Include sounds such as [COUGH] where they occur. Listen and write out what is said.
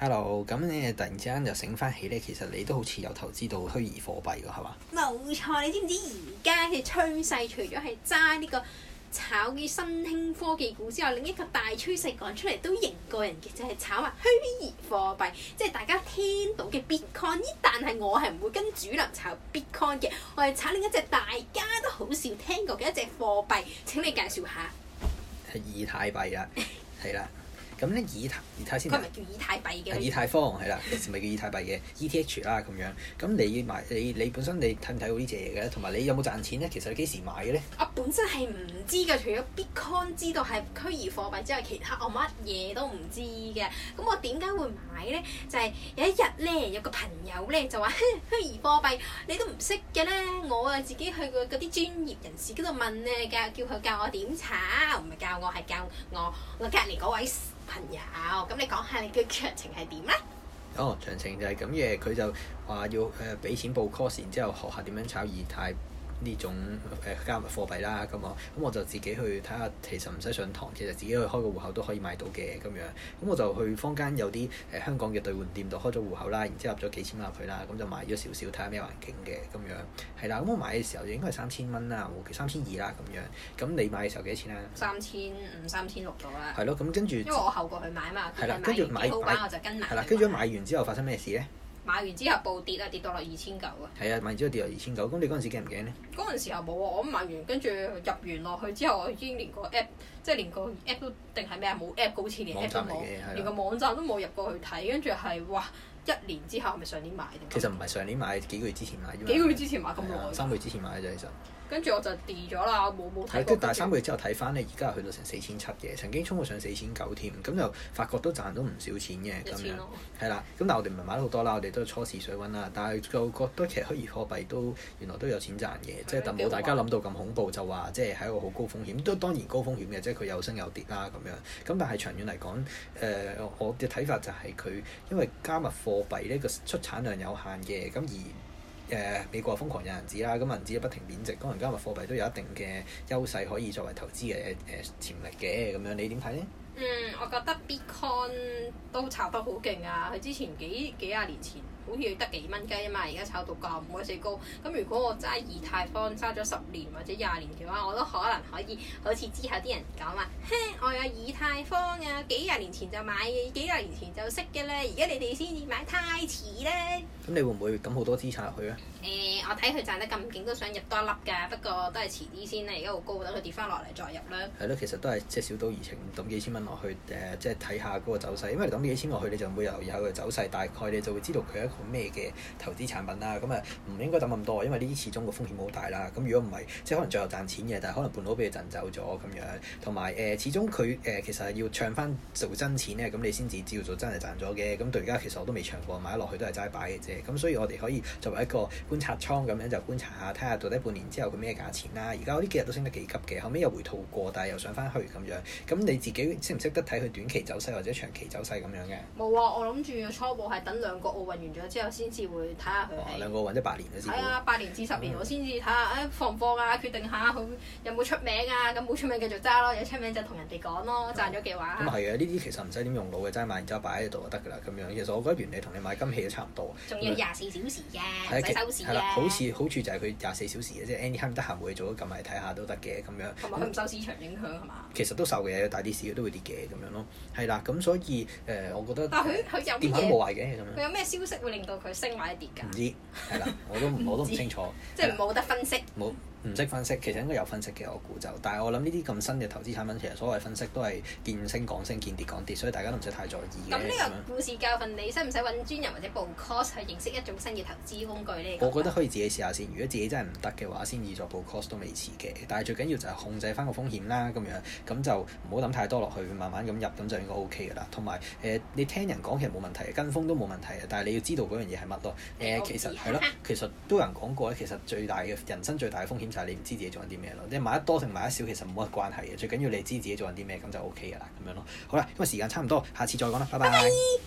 Hello，咁你突然之間又醒翻起咧，其實你都好似有投資到虛擬貨幣㗎，係嘛？冇錯，你知唔知而家嘅趨勢，除咗係揸呢個炒啲新興科技股之外，另一個大趨勢講出嚟都型過人嘅就係、是、炒埋虛擬貨幣，即係大家聽到嘅 Bitcoin。但係我係唔會跟主流炒 Bitcoin 嘅，我係炒另一隻大家都好少聽過嘅一隻貨幣。請你介紹下。係以太幣啦，係啦。 [LAUGHS] 咁咧，以太以太先，佢咪叫以太幣嘅，啊、以太坊係啦，咪 [LAUGHS] 叫以太幣嘅 E T H 啦、啊、咁樣。咁你買你你本身你睇唔睇好呢隻嘢嘅？同埋你有冇賺錢咧？其實你幾時買嘅咧？我本身係唔知嘅，除咗 Bitcoin 知道係虛擬貨幣之外，其他我乜嘢都唔知嘅。咁我點解會買咧？就係、是、有一日咧，有個朋友咧就話虛擬貨幣你都唔識嘅咧，我啊自己去過嗰啲專業人士嗰度問咧，教叫佢教我點炒，唔係教我係教我我，我，我隔離嗰位。朋友，咁你講下你嘅詳情係點咧？哦，詳情就係咁嘅，佢就話要誒俾、呃、錢報 course 然之後學下點樣炒以太。呢種誒、呃、加密貨幣啦，咁我咁我就自己去睇下，其實唔使上堂，其實自己去開個戶口都可以買到嘅咁樣。咁我就去坊間有啲誒、呃、香港嘅兌換店度開咗戶口啦，然之後入咗幾千蚊入去啦，咁就買咗少少睇下咩環境嘅咁樣。係啦，咁我買嘅時候就應該係三千蚊啦，三千二啦咁樣。咁你買嘅時候幾多錢啊？三千五、三千六到啦。係咯，咁跟住因為我後過去買嘛。係啦，跟住買，買，買，買，買我就跟埋。係啦，跟住買完之後發生咩事咧？買完之後暴跌啊，跌到落二千九啊！係啊、嗯，買完之後跌落二千九。咁你嗰陣時驚唔驚咧？嗰陣時候冇啊，我買完跟住入完落去之後，我已經連個 app，即係連個 app 都定係咩啊？冇 app，好似連 app 都冇，的連個網站都冇入過去睇。跟住係哇，一年之後係咪上年買？其實唔係上年買，幾個月之前買。幾個月之前買咁耐，三個月之前買啫，其實。跟住我就跌咗啦，冇冇睇過。係對，即係第三個月之後睇翻咧，而家去到成四千七嘅，曾經衝過上四千九添。咁就發覺都賺到唔少錢嘅咁樣，係啦。咁但係，我哋唔係買得好多啦，我哋都係初試水温啦。但係就覺得其實虛擬貨幣都原來都有錢賺嘅，即係但冇大家諗到咁恐怖，就話即係喺一個好高風險，都當然高風險嘅，即係佢有升有跌啦咁樣。咁但係長遠嚟講，誒、呃，我嘅睇法就係佢，因為加密貨幣呢個出產量有限嘅，咁而。誒、呃、美國瘋狂印銀紙啦，咁銀紙不停貶值，咁人家咪貨幣都有一定嘅優勢可以作為投資嘅誒誒潛力嘅咁樣，你點睇咧？嗯，我覺得 Bitcoin 都炒得好勁啊！佢之前幾幾廿年前好似得幾蚊雞啊嘛，而家炒到咁唔鬼死高。咁、啊、如果我揸以太坊揸咗十年或者廿年嘅話，我都可能可以好似之後啲人講話，嘿，我有以太坊啊！幾廿年前就買，幾廿年前就識嘅啦。而家你哋先至買太遲啦。咁你會唔會抌好多資產入去啊？誒、欸，我睇佢賺得咁勁，都想入多一粒㗎。不過都係遲啲先啦，而家好高，等佢跌翻落嚟再入啦。係咯，其實都係隻、就是、小賭怡情抌幾千蚊。去誒、呃，即係睇下嗰個走勢，因為你抌啲錢落去，你就每日留意下佢走勢，大概你就會知道佢一個咩嘅投資產品啦。咁啊，唔應該抌咁多，因為呢啲始終個風險好大啦。咁如果唔係，即係可能最後賺錢嘅，但係可能半路俾你震走咗咁樣。同埋誒，始終佢誒、呃、其實係要唱翻做真錢咧，咁你先至叫做真係賺咗嘅。咁到而家其實我都未唱過買落去都，都係齋擺嘅啫。咁所以我哋可以作為一個觀察倉咁樣就觀察下，睇下到底半年之後佢咩價錢啦。而家呢幾日都升得幾急嘅，後尾又回吐過，但係又上翻去咁樣。咁你自己唔識得睇佢短期走勢或者長期走勢咁樣嘅，冇啊！我諗住初步係等兩個奧運完咗之後，先至會睇下佢。兩個運咗八年先啲，係啊，八年至十年、嗯、我先至睇下，誒、哎、放唔放啊？決定下佢有冇出名啊？咁冇出名繼續揸咯，有出名就同人哋講咯，賺咗嘅話。咁啊係啊！呢啲其實唔使點用腦嘅，齋買完之後擺喺度就得㗎啦。咁樣其實我覺得原理同你買金器都差唔多。仲要廿四小時㗎，樣收係啦、啊，好似，好似就係佢廿四小時嘅，即係 anytime 得閒會做撳埋睇下都得嘅咁樣。同埋佢唔受市場影響係嘛？那其實都受嘅，有大啲市都會。嘅咁樣咯，係啦，咁所以誒、呃，我覺得但佢佢有乜嘢跌反嘅咁樣。佢有咩消息會令到佢升或者跌㗎？唔知係啦，我都 [LAUGHS] 道我都唔清楚。即係冇得分析了。冇。唔識分析，其實應該有分析嘅，我估就。但係我諗呢啲咁新嘅投資產品，其實所謂分析都係見升講升，見跌講跌，所以大家都唔使太在意咁。呢個故事教訓嗎你，使唔使揾專人或者報 course 去認識一種新嘅投資工具呢？我覺得可以自己試下先。如果自己真係唔得嘅話，先至再報 course 都未遲嘅。但係最緊要就係控制翻個風險啦，咁樣咁就唔好諗太多落去，慢慢咁入，咁就應該 OK 嘅啦。同埋誒，你聽人講其實冇問題，跟風都冇問題嘅。但係你要知道嗰樣嘢係乜咯？誒，其實係咯， [LAUGHS] 其實都有人講過其實最大嘅人生最大嘅風險。就係你唔知自己做緊啲咩咯，你買得多定買得少其實冇乜關係嘅，最緊要你知自己做緊啲咩。咁就 OK 噶啦，咁樣咯。好啦，因為時間差唔多，下次再講啦，拜拜。Bye bye.